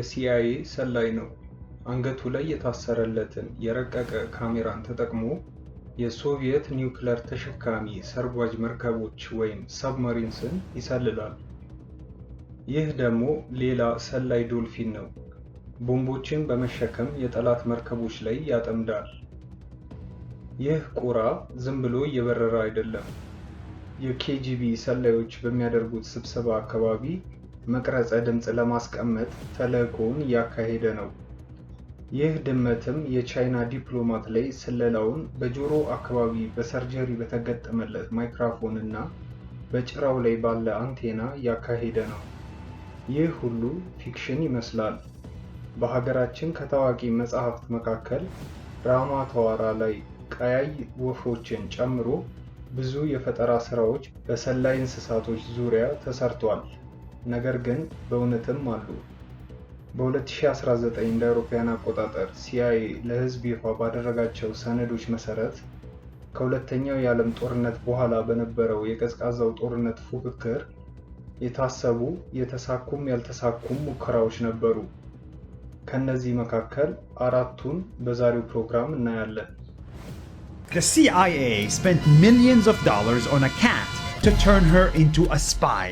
የሲአይኤ ሰላይ ነው። አንገቱ ላይ የታሰረለትን የረቀቀ ካሜራን ተጠቅሞ የሶቪየት ኒውክለር ተሸካሚ ሰርጓጅ መርከቦች ወይም ሰብመሪንስን ይሰልላል። ይህ ደግሞ ሌላ ሰላይ ዶልፊን ነው። ቦምቦችን በመሸከም የጠላት መርከቦች ላይ ያጠምዳል። ይህ ቁራ ዝም ብሎ እየበረረ አይደለም። የኬጂቢ ሰላዮች በሚያደርጉት ስብሰባ አካባቢ መቅረጸ ድምፅ ለማስቀመጥ ተልዕኮውን እያካሄደ ነው። ይህ ድመትም የቻይና ዲፕሎማት ላይ ስለላውን በጆሮ አካባቢ በሰርጀሪ በተገጠመለት ማይክራፎን እና በጭራው ላይ ባለ አንቴና እያካሄደ ነው። ይህ ሁሉ ፊክሽን ይመስላል። በሀገራችን ከታዋቂ መጽሐፍት መካከል ራማ ተዋራ ላይ ቀያይ ወፎችን ጨምሮ ብዙ የፈጠራ ስራዎች በሰላይ እንስሳቶች ዙሪያ ተሰርቷል። ነገር ግን በእውነትም አሉ። በ2019 እንደ አውሮፓውያን አቆጣጠር ሲአይኤ ለህዝብ ይፋ ባደረጋቸው ሰነዶች መሰረት ከሁለተኛው የዓለም ጦርነት በኋላ በነበረው የቀዝቃዛው ጦርነት ፉክክር የታሰቡ የተሳኩም ያልተሳኩም ሙከራዎች ነበሩ። ከእነዚህ መካከል አራቱን በዛሬው ፕሮግራም እናያለን። The CIA spent millions of dollars on a cat to turn her into a spy.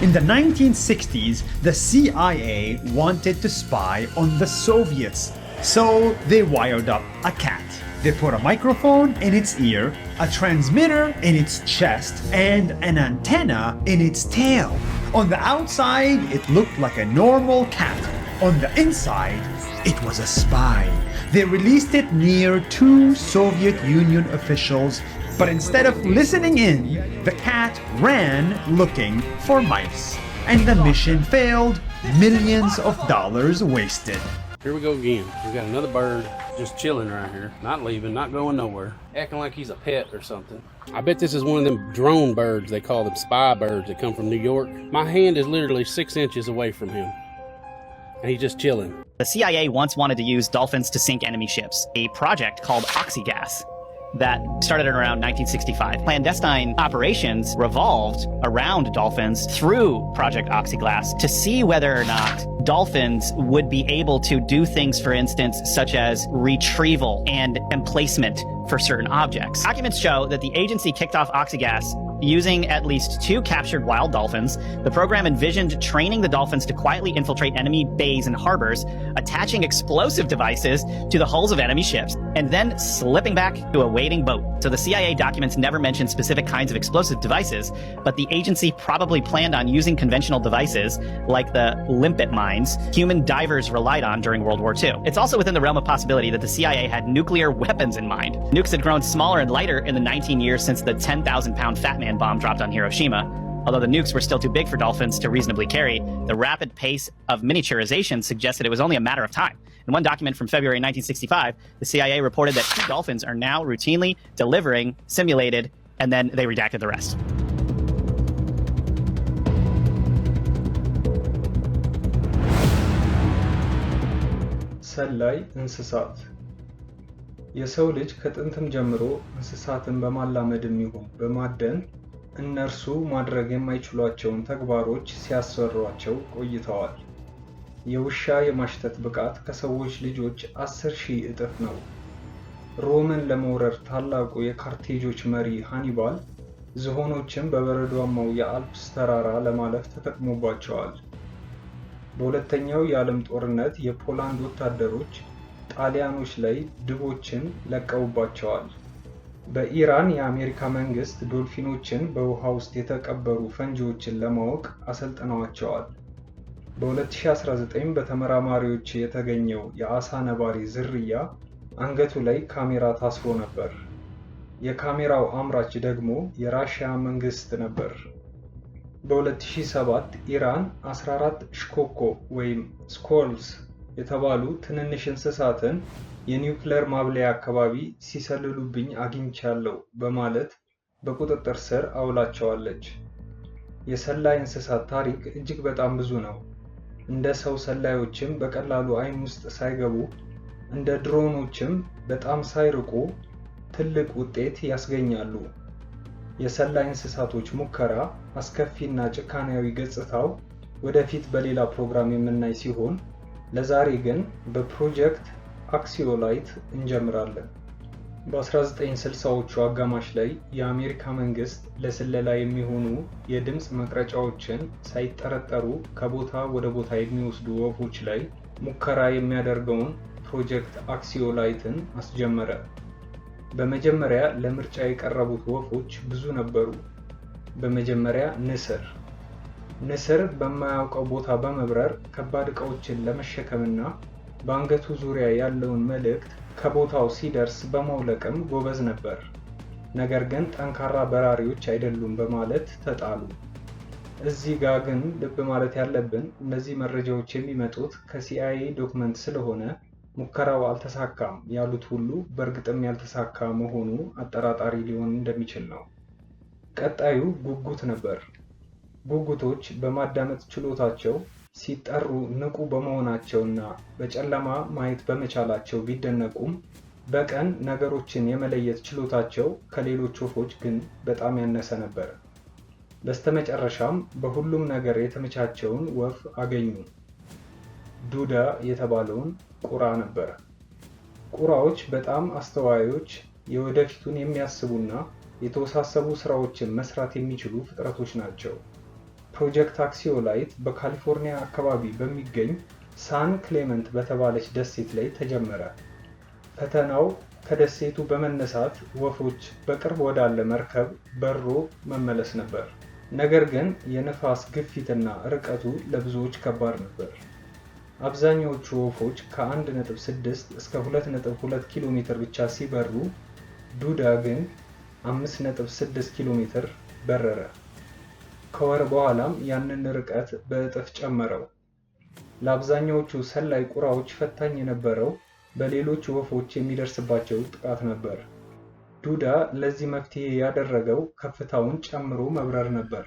In the 1960s, the CIA wanted to spy on the Soviets, so they wired up a cat. They put a microphone in its ear, a transmitter in its chest, and an antenna in its tail. On the outside, it looked like a normal cat. On the inside, it was a spy. They released it near two Soviet Union officials but instead of listening in, the cat ran looking for mice. And the mission failed, millions of dollars wasted. Here we go again. We've got another bird just chilling right here, not leaving, not going nowhere, acting like he's a pet or something. I bet this is one of them drone birds they call them spy birds that come from New York. My hand is literally six inches away from him, and he's just chilling. The CIA once wanted to use dolphins to sink enemy ships, a project called Oxygas that started around 1965. Clandestine operations revolved around dolphins through Project Oxyglass to see whether or not dolphins would be able to do things, for instance, such as retrieval and emplacement for certain objects. Documents show that the agency kicked off Oxygas Using at least two captured wild dolphins, the program envisioned training the dolphins to quietly infiltrate enemy bays and harbors, attaching explosive devices to the hulls of enemy ships, and then slipping back to a waiting boat. So the CIA documents never mention specific kinds of explosive devices, but the agency probably planned on using conventional devices like the limpet mines human divers relied on during World War II. It's also within the realm of possibility that the CIA had nuclear weapons in mind. Nukes had grown smaller and lighter in the 19 years since the 10,000 pound Fat Man and bomb dropped on Hiroshima. Although the nukes were still too big for dolphins to reasonably carry, the rapid pace of miniaturization suggested it was only a matter of time. In one document from February 1965, the CIA reported that two dolphins are now routinely delivering simulated, and then they redacted the rest. ሰላይ እንስሳት የሰው ልጅ ከጥንትም ጀምሮ እንስሳትን በማላመድም ይሁን በማደን እነርሱ ማድረግ የማይችሏቸውን ተግባሮች ሲያሰሯቸው ቆይተዋል። የውሻ የማሽተት ብቃት ከሰዎች ልጆች አስር ሺህ እጥፍ ነው። ሮምን ለመውረር ታላቁ የካርቴጆች መሪ ሃኒባል ዝሆኖችን በበረዷማው የአልፕስ ተራራ ለማለፍ ተጠቅሞባቸዋል። በሁለተኛው የዓለም ጦርነት የፖላንድ ወታደሮች ጣሊያኖች ላይ ድቦችን ለቀውባቸዋል። በኢራን የአሜሪካ መንግስት ዶልፊኖችን በውሃ ውስጥ የተቀበሩ ፈንጂዎችን ለማወቅ አሰልጥነዋቸዋል። በ2019 በተመራማሪዎች የተገኘው የአሳ ነባሪ ዝርያ አንገቱ ላይ ካሜራ ታስሮ ነበር። የካሜራው አምራች ደግሞ የራሽያ መንግስት ነበር። በ2007 ኢራን 14 ሽኮኮ ወይም ስኮልስ የተባሉ ትንንሽ እንስሳትን የኒውክለር ማብለያ አካባቢ ሲሰልሉብኝ አግኝቻለሁ በማለት በቁጥጥር ስር አውላቸዋለች። የሰላይ እንስሳት ታሪክ እጅግ በጣም ብዙ ነው። እንደ ሰው ሰላዮችም በቀላሉ ዓይን ውስጥ ሳይገቡ እንደ ድሮኖችም በጣም ሳይርቁ ትልቅ ውጤት ያስገኛሉ። የሰላይ እንስሳቶች ሙከራ አስከፊና ጭካኔያዊ ገጽታው ወደፊት በሌላ ፕሮግራም የምናይ ሲሆን ለዛሬ ግን በፕሮጀክት አክሲዮላይት እንጀምራለን። በ1960ዎቹ አጋማሽ ላይ የአሜሪካ መንግስት ለስለላ የሚሆኑ የድምፅ መቅረጫዎችን ሳይጠረጠሩ ከቦታ ወደ ቦታ የሚወስዱ ወፎች ላይ ሙከራ የሚያደርገውን ፕሮጀክት አክሲዮላይትን አስጀመረ። በመጀመሪያ ለምርጫ የቀረቡት ወፎች ብዙ ነበሩ። በመጀመሪያ ንስር ንስር በማያውቀው ቦታ በመብረር ከባድ ለመሸከም ለመሸከምና በአንገቱ ዙሪያ ያለውን መልእክት ከቦታው ሲደርስ በማውለቅም ጎበዝ ነበር። ነገር ግን ጠንካራ በራሪዎች አይደሉም በማለት ተጣሉ። እዚህ ጋ ግን ልብ ማለት ያለብን እነዚህ መረጃዎች የሚመጡት ከሲአይኤ ዶክመንት ስለሆነ ሙከራው አልተሳካም ያሉት ሁሉ በእርግጥም ያልተሳካ መሆኑ አጠራጣሪ ሊሆን እንደሚችል ነው። ቀጣዩ ጉጉት ነበር። ጉጉቶች በማዳመጥ ችሎታቸው ሲጠሩ ንቁ በመሆናቸውና በጨለማ ማየት በመቻላቸው ቢደነቁም በቀን ነገሮችን የመለየት ችሎታቸው ከሌሎች ወፎች ግን በጣም ያነሰ ነበር። በስተመጨረሻም በሁሉም ነገር የተመቻቸውን ወፍ አገኙ። ዱዳ የተባለውን ቁራ ነበር። ቁራዎች በጣም አስተዋዮች፣ የወደፊቱን የሚያስቡና የተወሳሰቡ ስራዎችን መስራት የሚችሉ ፍጥረቶች ናቸው። ፕሮጀክት ላይት በካሊፎርኒያ አካባቢ በሚገኝ ሳን ክሌመንት በተባለች ደሴት ላይ ተጀመረ። ፈተናው ከደሴቱ በመነሳት ወፎች በቅርብ ወዳለ መርከብ በሮ መመለስ ነበር። ነገር ግን የነፋስ ግፊትና ርቀቱ ለብዙዎች ከባድ ነበር። አብዛኛዎቹ ወፎች ከ1.6 እስከ 2.2 ኪሎ ሜትር ብቻ ሲበሩ፣ ዱዳ ግን 5.6 ኪሎ ሜትር በረረ። ከወር በኋላም ያንን ርቀት በእጥፍ ጨመረው። ለአብዛኛዎቹ ሰላይ ቁራዎች ፈታኝ የነበረው በሌሎች ወፎች የሚደርስባቸው ጥቃት ነበር። ዱዳ ለዚህ መፍትሄ ያደረገው ከፍታውን ጨምሮ መብረር ነበር።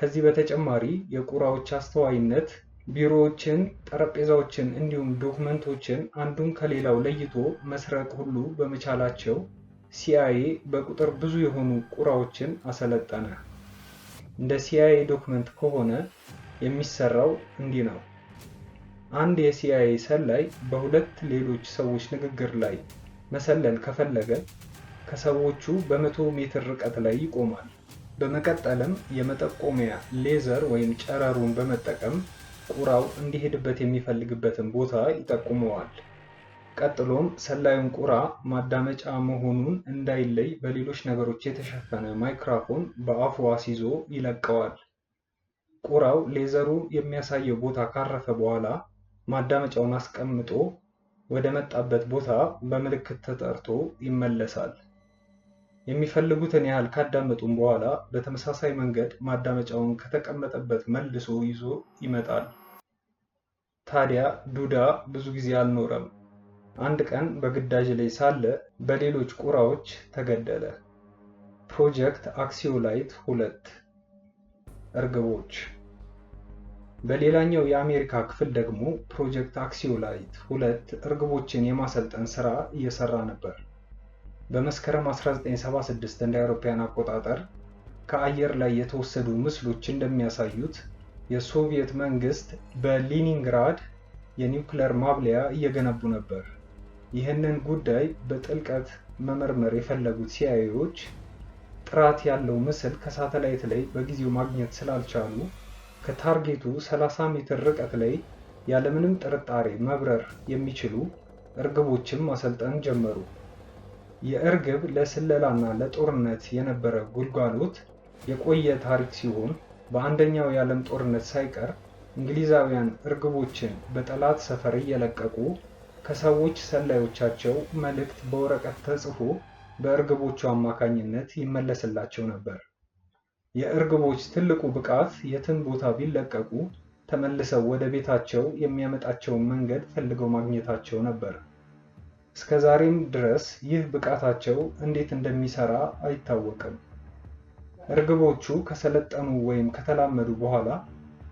ከዚህ በተጨማሪ የቁራዎች አስተዋይነት ቢሮዎችን፣ ጠረጴዛዎችን እንዲሁም ዶክመንቶችን አንዱን ከሌላው ለይቶ መስረቅ ሁሉ በመቻላቸው ሲአይኤ በቁጥር ብዙ የሆኑ ቁራዎችን አሰለጠነ። እንደ ሲአይኤ ዶክመንት ከሆነ የሚሰራው እንዲህ ነው። አንድ የሲአይኤ ሰላይ በሁለት ሌሎች ሰዎች ንግግር ላይ መሰለል ከፈለገ ከሰዎቹ በመቶ ሜትር ርቀት ላይ ይቆማል። በመቀጠልም የመጠቆሚያ ሌዘር ወይም ጨረሩን በመጠቀም ቁራው እንዲሄድበት የሚፈልግበትን ቦታ ይጠቁመዋል። ቀጥሎም ሰላዩን ቁራ ማዳመጫ መሆኑን እንዳይለይ በሌሎች ነገሮች የተሸፈነ ማይክራፎን በአፉ አስይዞ ይለቀዋል። ቁራው ሌዘሩ የሚያሳየው ቦታ ካረፈ በኋላ ማዳመጫውን አስቀምጦ ወደ መጣበት ቦታ በምልክት ተጠርቶ ይመለሳል። የሚፈልጉትን ያህል ካዳመጡም በኋላ በተመሳሳይ መንገድ ማዳመጫውን ከተቀመጠበት መልሶ ይዞ ይመጣል። ታዲያ ዱዳ ብዙ ጊዜ አልኖረም። አንድ ቀን በግዳጅ ላይ ሳለ በሌሎች ቁራዎች ተገደለ። ፕሮጀክት አክሲዮላይት ሁለት እርግቦች። በሌላኛው የአሜሪካ ክፍል ደግሞ ፕሮጀክት አክሲዮላይት ሁለት እርግቦችን የማሰልጠን ስራ እየሰራ ነበር። በመስከረም 1976 እንደ አውሮፓውያን አቆጣጠር ከአየር ላይ የተወሰዱ ምስሎች እንደሚያሳዩት የሶቪየት መንግስት በሊኒንግራድ የኒውክለር ማብለያ እየገነቡ ነበር። ይህንን ጉዳይ በጥልቀት መመርመር የፈለጉት ሲአይኤዎች ጥራት ያለው ምስል ከሳተላይት ላይ በጊዜው ማግኘት ስላልቻሉ ከታርጌቱ 30 ሜትር ርቀት ላይ ያለምንም ጥርጣሬ መብረር የሚችሉ እርግቦችን ማሰልጠን ጀመሩ። የእርግብ ለስለላና ለጦርነት የነበረ ጉልጋሎት የቆየ ታሪክ ሲሆን በአንደኛው የዓለም ጦርነት ሳይቀር እንግሊዛውያን እርግቦችን በጠላት ሰፈር እየለቀቁ ከሰዎች ሰላዮቻቸው መልእክት በወረቀት ተጽፎ በእርግቦቹ አማካኝነት ይመለስላቸው ነበር። የእርግቦች ትልቁ ብቃት የትን ቦታ ቢለቀቁ ተመልሰው ወደ ቤታቸው የሚያመጣቸውን መንገድ ፈልገው ማግኘታቸው ነበር። እስከ ዛሬም ድረስ ይህ ብቃታቸው እንዴት እንደሚሰራ አይታወቅም። እርግቦቹ ከሰለጠኑ ወይም ከተላመዱ በኋላ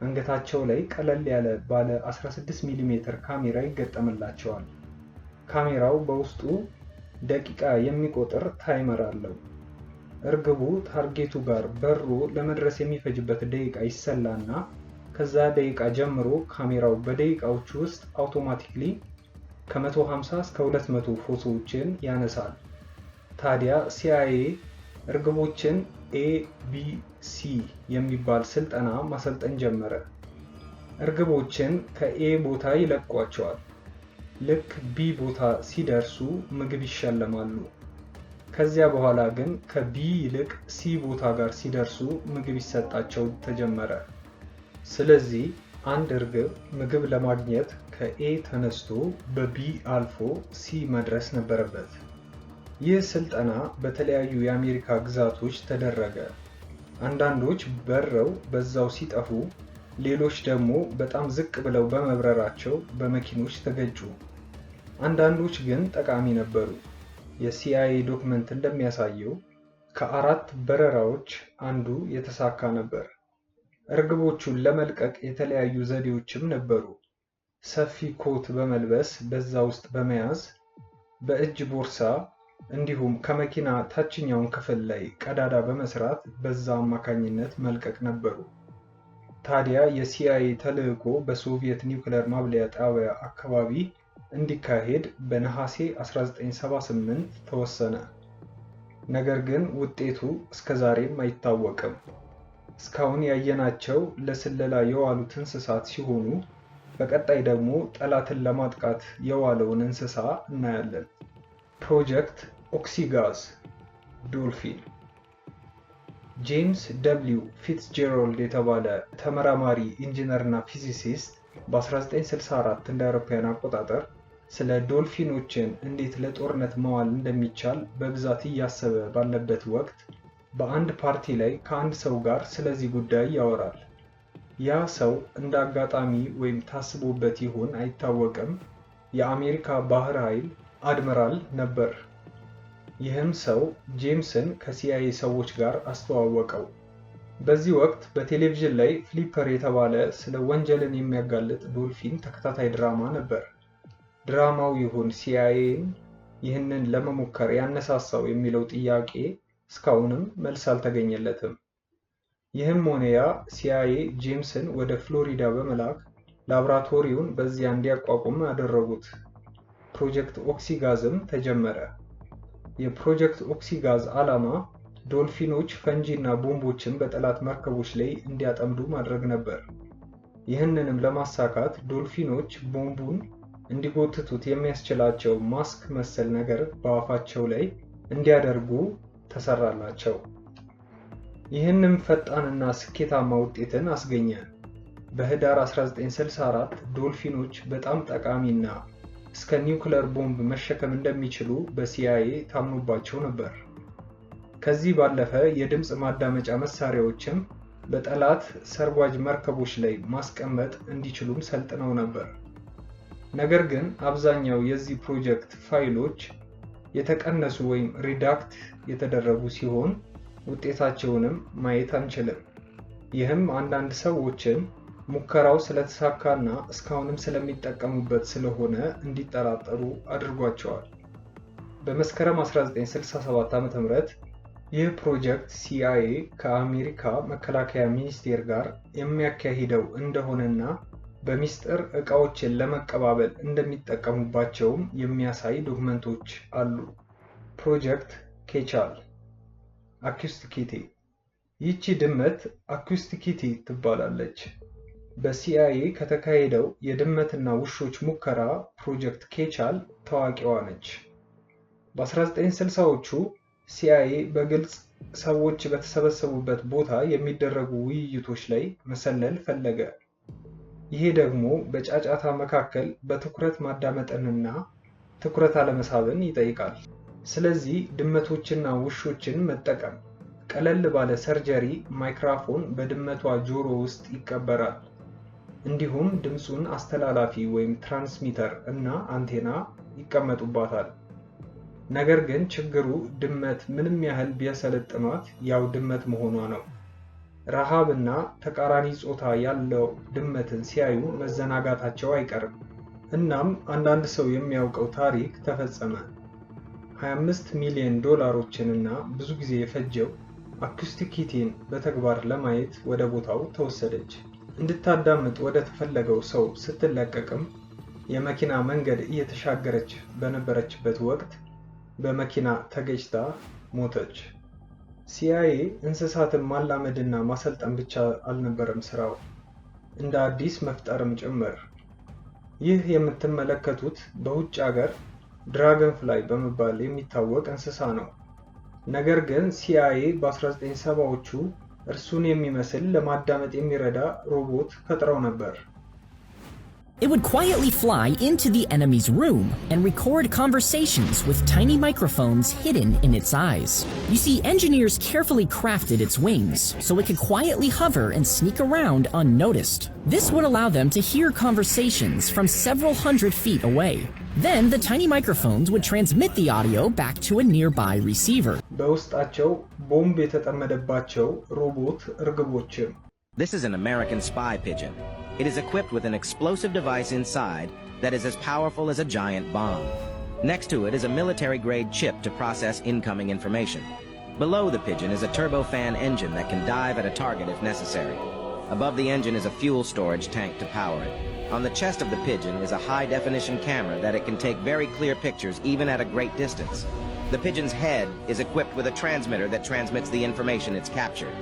አንገታቸው ላይ ቀለል ያለ ባለ 16 ሚሜ ካሜራ ይገጠምላቸዋል። ካሜራው በውስጡ ደቂቃ የሚቆጥር ታይመር አለው። እርግቡ ታርጌቱ ጋር በሩ ለመድረስ የሚፈጅበት ደቂቃ ይሰላና ከዛ ደቂቃ ጀምሮ ካሜራው በደቂቃዎች ውስጥ አውቶማቲክሊ ከ150 እስከ 200 ፎቶዎችን ያነሳል። ታዲያ ሲአይኤ እርግቦችን ኤ ቢ ሲ የሚባል ስልጠና ማሰልጠን ጀመረ። እርግቦችን ከኤ ቦታ ይለቋቸዋል። ልክ ቢ ቦታ ሲደርሱ ምግብ ይሸለማሉ። ከዚያ በኋላ ግን ከቢ ይልቅ ሲ ቦታ ጋር ሲደርሱ ምግብ ይሰጣቸው ተጀመረ። ስለዚህ አንድ እርግብ ምግብ ለማግኘት ከኤ ተነስቶ በቢ አልፎ ሲ መድረስ ነበረበት። ይህ ስልጠና በተለያዩ የአሜሪካ ግዛቶች ተደረገ። አንዳንዶች በረው በዛው ሲጠፉ፣ ሌሎች ደግሞ በጣም ዝቅ ብለው በመብረራቸው በመኪኖች ተገጩ። አንዳንዶች ግን ጠቃሚ ነበሩ። የሲአይኤ ዶክመንት እንደሚያሳየው ከአራት በረራዎች አንዱ የተሳካ ነበር። እርግቦቹን ለመልቀቅ የተለያዩ ዘዴዎችም ነበሩ። ሰፊ ኮት በመልበስ በዛ ውስጥ በመያዝ በእጅ ቦርሳ እንዲሁም ከመኪና ታችኛውን ክፍል ላይ ቀዳዳ በመስራት በዛ አማካኝነት መልቀቅ ነበሩ። ታዲያ የሲአይኤ ተልዕኮ በሶቪየት ኒውክለር ማብለያ ጣቢያ አካባቢ እንዲካሄድ በነሐሴ 1978 ተወሰነ። ነገር ግን ውጤቱ እስከዛሬም አይታወቅም። እስካሁን ያየናቸው ለስለላ የዋሉት እንስሳት ሲሆኑ በቀጣይ ደግሞ ጠላትን ለማጥቃት የዋለውን እንስሳ እናያለን። ፕሮጀክት ኦክሲጋዝ ዶልፊን ጄምስ ደብሊው ፊትስጄሮልድ የተባለ ተመራማሪ ኢንጂነርና ፊዚሲስት በ1964 እንደ አውሮፓውያን አቆጣጠር ስለ ዶልፊኖችን እንዴት ለጦርነት መዋል እንደሚቻል በብዛት እያሰበ ባለበት ወቅት በአንድ ፓርቲ ላይ ከአንድ ሰው ጋር ስለዚህ ጉዳይ ያወራል። ያ ሰው እንደ አጋጣሚ ወይም ታስቦበት ይሆን አይታወቅም፣ የአሜሪካ ባህር ኃይል አድመራል ነበር። ይህም ሰው ጄምስን ከሲአይኤ ሰዎች ጋር አስተዋወቀው። በዚህ ወቅት በቴሌቪዥን ላይ ፍሊፐር የተባለ ስለ ወንጀልን የሚያጋልጥ ዶልፊን ተከታታይ ድራማ ነበር። ድራማው ይሁን ሲአይኤን ይህንን ለመሞከር ያነሳሳው የሚለው ጥያቄ እስካሁንም መልስ አልተገኘለትም። ይህም ሆነ ያ ሲአይኤ ጄምስን ወደ ፍሎሪዳ በመላክ ላብራቶሪውን በዚያ እንዲያቋቁም አደረጉት። ፕሮጀክት ኦክሲጋዝም ተጀመረ። የፕሮጀክት ኦክሲጋዝ ዓላማ ዶልፊኖች ፈንጂ እና ቦምቦችን በጠላት መርከቦች ላይ እንዲያጠምዱ ማድረግ ነበር። ይህንንም ለማሳካት ዶልፊኖች ቦምቡን እንዲጎትቱት የሚያስችላቸው ማስክ መሰል ነገር በአፋቸው ላይ እንዲያደርጉ ተሰራላቸው። ይህንም ፈጣንና ስኬታማ ውጤትን አስገኘ። በህዳር 1964 ዶልፊኖች በጣም ጠቃሚና እስከ ኒውክለር ቦምብ መሸከም እንደሚችሉ በሲአይኤ ታምኖባቸው ነበር። ከዚህ ባለፈ የድምፅ ማዳመጫ መሳሪያዎችም በጠላት ሰርጓጅ መርከቦች ላይ ማስቀመጥ እንዲችሉም ሰልጥነው ነበር። ነገር ግን አብዛኛው የዚህ ፕሮጀክት ፋይሎች የተቀነሱ ወይም ሪዳክት የተደረጉ ሲሆን ውጤታቸውንም ማየት አንችልም። ይህም አንዳንድ ሰዎችን ሙከራው ስለተሳካና እስካሁንም ስለሚጠቀሙበት ስለሆነ እንዲጠራጠሩ አድርጓቸዋል። በመስከረም 1967 ዓ ም ይህ ፕሮጀክት ሲአይኤ ከአሜሪካ መከላከያ ሚኒስቴር ጋር የሚያካሂደው እንደሆነና በሚስጥር ዕቃዎችን ለመቀባበል እንደሚጠቀሙባቸውም የሚያሳይ ዶክመንቶች አሉ። ፕሮጀክት ኬቻል አኩስቲኬቴ። ይህቺ ድመት አኩስቲኬቴ ትባላለች። በሲአይኤ ከተካሄደው የድመትና ውሾች ሙከራ ፕሮጀክት ኬቻል ታዋቂዋ ነች። በ1960ዎቹ ሲአይኤ በግልጽ ሰዎች በተሰበሰቡበት ቦታ የሚደረጉ ውይይቶች ላይ መሰለል ፈለገ። ይሄ ደግሞ በጫጫታ መካከል በትኩረት ማዳመጥንና ትኩረት አለመሳብን ይጠይቃል። ስለዚህ ድመቶችና ውሾችን መጠቀም ቀለል ባለ ሰርጀሪ ማይክራፎን በድመቷ ጆሮ ውስጥ ይቀበራል። እንዲሁም ድምፁን አስተላላፊ ወይም ትራንስሚተር እና አንቴና ይቀመጡባታል። ነገር ግን ችግሩ ድመት ምንም ያህል ቢያሰለጥኗት ያው ድመት መሆኗ ነው። ረሃብ እና ተቃራኒ ጾታ ያለው ድመትን ሲያዩ መዘናጋታቸው አይቀርም። እናም አንዳንድ ሰው የሚያውቀው ታሪክ ተፈጸመ። 25 ሚሊዮን ዶላሮችን እና ብዙ ጊዜ የፈጀው አኩስቲክ ኪቲን በተግባር ለማየት ወደ ቦታው ተወሰደች። እንድታዳምጥ ወደ ተፈለገው ሰው ስትለቀቅም የመኪና መንገድ እየተሻገረች በነበረችበት ወቅት በመኪና ተገጭታ ሞተች። ሲአይኤ እንስሳትን ማላመድና ማሰልጠን ብቻ አልነበረም ስራው፣ እንደ አዲስ መፍጠርም ጭምር። ይህ የምትመለከቱት በውጭ አገር ድራገን ፍላይ በመባል የሚታወቅ እንስሳ ነው። ነገር ግን ሲአይኤ በ1970ዎቹ እርሱን የሚመስል ለማዳመጥ የሚረዳ ሮቦት ፈጥረው ነበር። It would quietly fly into the enemy's room and record conversations with tiny microphones hidden in its eyes. You see, engineers carefully crafted its wings so it could quietly hover and sneak around unnoticed. This would allow them to hear conversations from several hundred feet away. Then the tiny microphones would transmit the audio back to a nearby receiver. This is an American spy pigeon. It is equipped with an explosive device inside that is as powerful as a giant bomb. Next to it is a military-grade chip to process incoming information. Below the pigeon is a turbofan engine that can dive at a target if necessary. Above the engine is a fuel storage tank to power it. On the chest of the Pigeon is a high-definition camera that it can take very clear pictures even at a great distance. The Pigeon's head is equipped with a transmitter that transmits the information it's captured.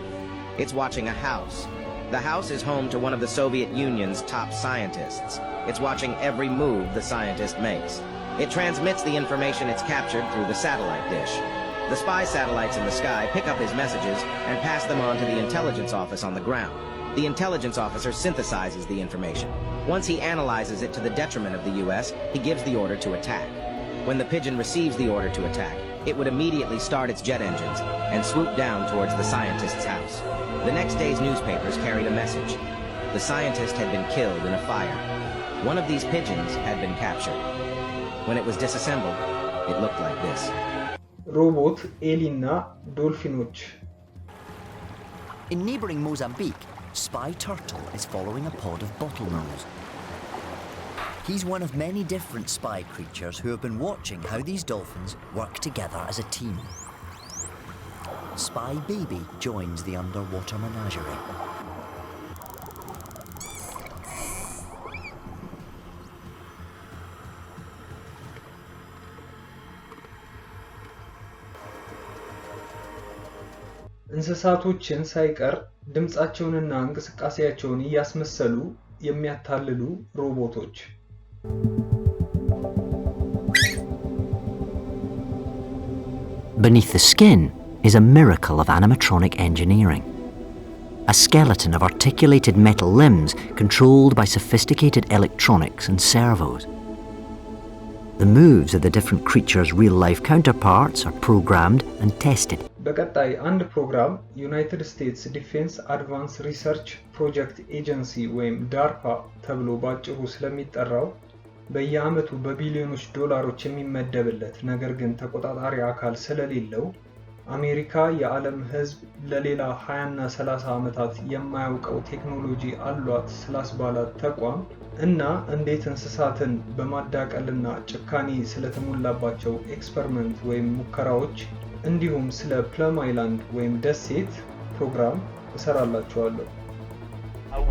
It's watching a house. The house is home to one of the Soviet Union's top scientists. It's watching every move the scientist makes. It transmits the information it's captured through the satellite dish. The spy satellites in the sky pick up his messages and pass them on to the intelligence office on the ground. The intelligence officer synthesizes the information. Once he analyzes it to the detriment of the U.S., he gives the order to attack. When the Pigeon receives the order to attack, it would immediately start its jet engines and swoop down towards the scientist's house. The next day's newspapers carried a message. The scientist had been killed in a fire. One of these pigeons had been captured. When it was disassembled, it looked like this. ሮቦት ኤሊ እና ዶልፊኖች In neighboring Mozambique, Spy Turtle is following a pod of bottlenose. He's one of many different spy creatures who have been watching how these dolphins work together as a team. Spy Baby joins the underwater menagerie. እንስሳቶችን ሳይቀር ድምፃቸውንና እንቅስቃሴያቸውን እያስመሰሉ የሚያታልሉ ሮቦቶች Beneath the skin is a miracle of animatronic engineering. A skeleton of articulated metal limbs controlled by sophisticated electronics and servos. The moves of the different creatures' real-life counterparts are programmed and tested. በቀጣይ አንድ ፕሮግራም ዩናይትድ ስቴትስ ዲፌንስ አድቫንስ ሪሰርች ፕሮጀክት ኤጀንሲ ወይም ዳርፓ ተብሎ ባጭሩ ስለሚጠራው በየአመቱ በቢሊዮኖች ዶላሮች የሚመደብለት ነገር ግን ተቆጣጣሪ አካል ስለሌለው አሜሪካ የዓለም ሕዝብ ለሌላ 20ና 30 ዓመታት የማያውቀው ቴክኖሎጂ አሏት ስላስባላት ተቋም እና እንዴት እንስሳትን በማዳቀልና ጭካኔ ስለተሞላባቸው ኤክስፐሪመንት ወይም ሙከራዎች እንዲሁም ስለ ፕለም አይላንድ ወይም ደሴት ፕሮግራም እሰራላችኋለሁ።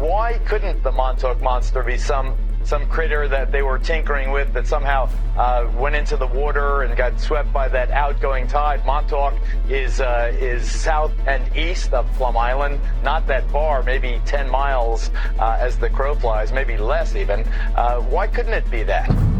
Why couldn't the Montauk Monster be some some critter that they were tinkering with that somehow uh, went into the water and got swept by that outgoing tide. Montauk is uh, is south and east of Plum Island, not that far, maybe 10 miles uh, as the crow flies, maybe less even. Uh, why couldn't it be that?